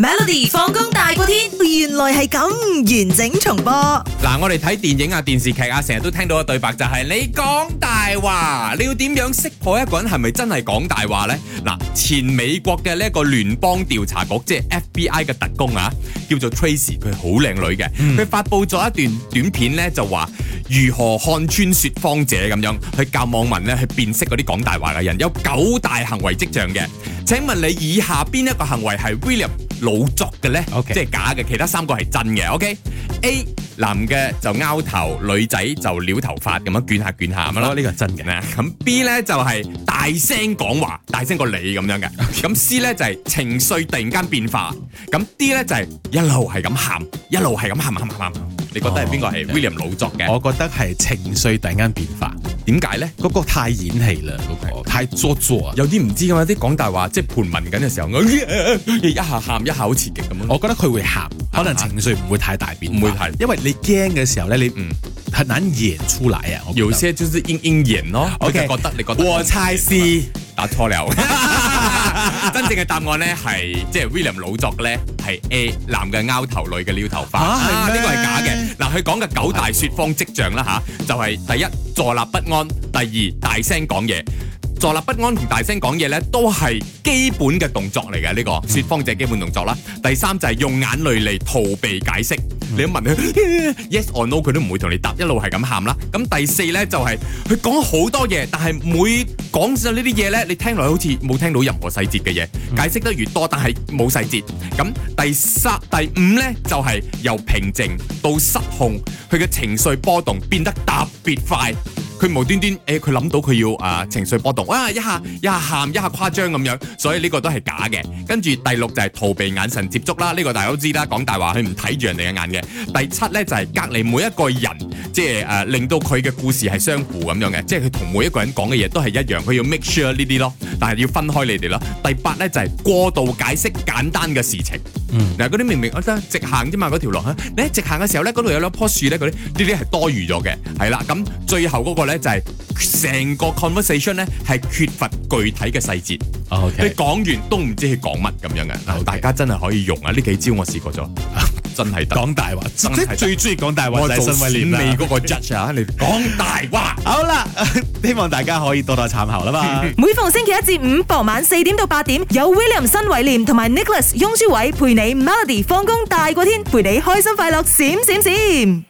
Melody 放工大過天，原來係咁完整重播嗱。我哋睇電影啊、電視劇啊，成日都聽到嘅對白就係你講大話。你要點樣識破一個人係咪真係講大話呢？嗱，前美國嘅呢一個聯邦調查局，即係 FBI 嘅特工啊，叫做 Trace，佢好靚女嘅。佢發布咗一段短片呢，就話如何看穿說謊者咁樣去教網民呢，去辨識嗰啲講大話嘅人，有九大行為迹象嘅。請問你以下邊一個行為係 William？老作嘅咧，Okay. 即係假嘅，其他三個係真嘅。OK，A 男嘅就拗頭，女仔就撩頭髮，咁樣捲下捲下咁咯。樣哦這個、呢個係真嘅啦。咁 B 咧就係、是、大聲講話，大聲過你咁樣嘅。咁 Okay. C 咧就係、是、情緒突然間變化。咁 D 咧就係、是、一路係咁喊，一路係咁喊喊喊喊。你覺得係邊個係 William 老作嘅？我覺得係情緒突然間變化。點解咧？嗰、那個太演戲啦，嗰 Okay. 太做作啊！有啲唔知噶嘛，啲講大話即係盤問緊嘅時候，佢 一下喊一下好刺激咁樣。我覺得佢會喊，可能情緒唔會太大變，唔會係因為你驚嘅時候咧，你唔係難演出嚟啊。有些就係演演演咯。O Okay . K，我覺得你覺得。打錯流， 真正嘅答案咧係，即係、就是、William 老作咧係 A 男嘅拗頭，女嘅撩頭髮。呢、啊、個係假嘅。嗱，佢講嘅九大説謊跡象啦吓、啊，就係、是、第一，坐立不安，第二，大聲講嘢。坐立不安同大聲講嘢咧，都係基本嘅動作嚟嘅，呢個説謊者基本動作啦。第三就係用眼淚嚟逃避解釋。你一問佢 ，Yes or no 佢都唔會同你答，一路係咁喊啦。咁第四呢，就係佢講好多嘢，但係每講咗呢啲嘢呢，你聽落去好似冇聽到任何細節嘅嘢，解釋得越多，但係冇細節。咁第三、第五呢，就係、是、由平靜到失控，佢嘅情緒波動變得特別快。佢無端端誒，佢、欸、諗到佢要啊、呃、情緒波動啊一下，一下喊，一下誇張咁樣，所以呢個都係假嘅。跟住第六就係逃避眼神接觸啦，呢、呢個大家都知啦。講大話，佢唔睇住人哋嘅眼嘅。第七呢就係隔離每一個人，即係誒、呃、令到佢嘅故事係相符咁樣嘅，即係佢同每一個人講嘅嘢都係一樣，佢要 make sure 呢啲咯，但係要分開你哋咯。第八呢就係過度解釋簡單嘅事情。嗱，嗰啲明明我得直行啫嘛，嗰條路吓。你喺直行嘅時候咧，嗰度有兩棵樹咧，嗰啲呢啲係多餘咗嘅，係啦。咁最後嗰個咧就係成個 conversation 咧係缺乏具體嘅細節，Okay. 你講完都唔知佢講乜咁樣嘅。Okay. 大家真係可以用啊！呢幾招我試過咗。 講大話，即係最中意講大話就係新偉廉，你講 大話， 好啦，希望大家可以多多參考啦嘛。 每逢星期一至五傍晚四點到八點，有 William 新偉廉同埋 Nicholas 翁舒偉陪你 Melody 放工大過天，陪你開心快樂閃閃閃。閃閃閃閃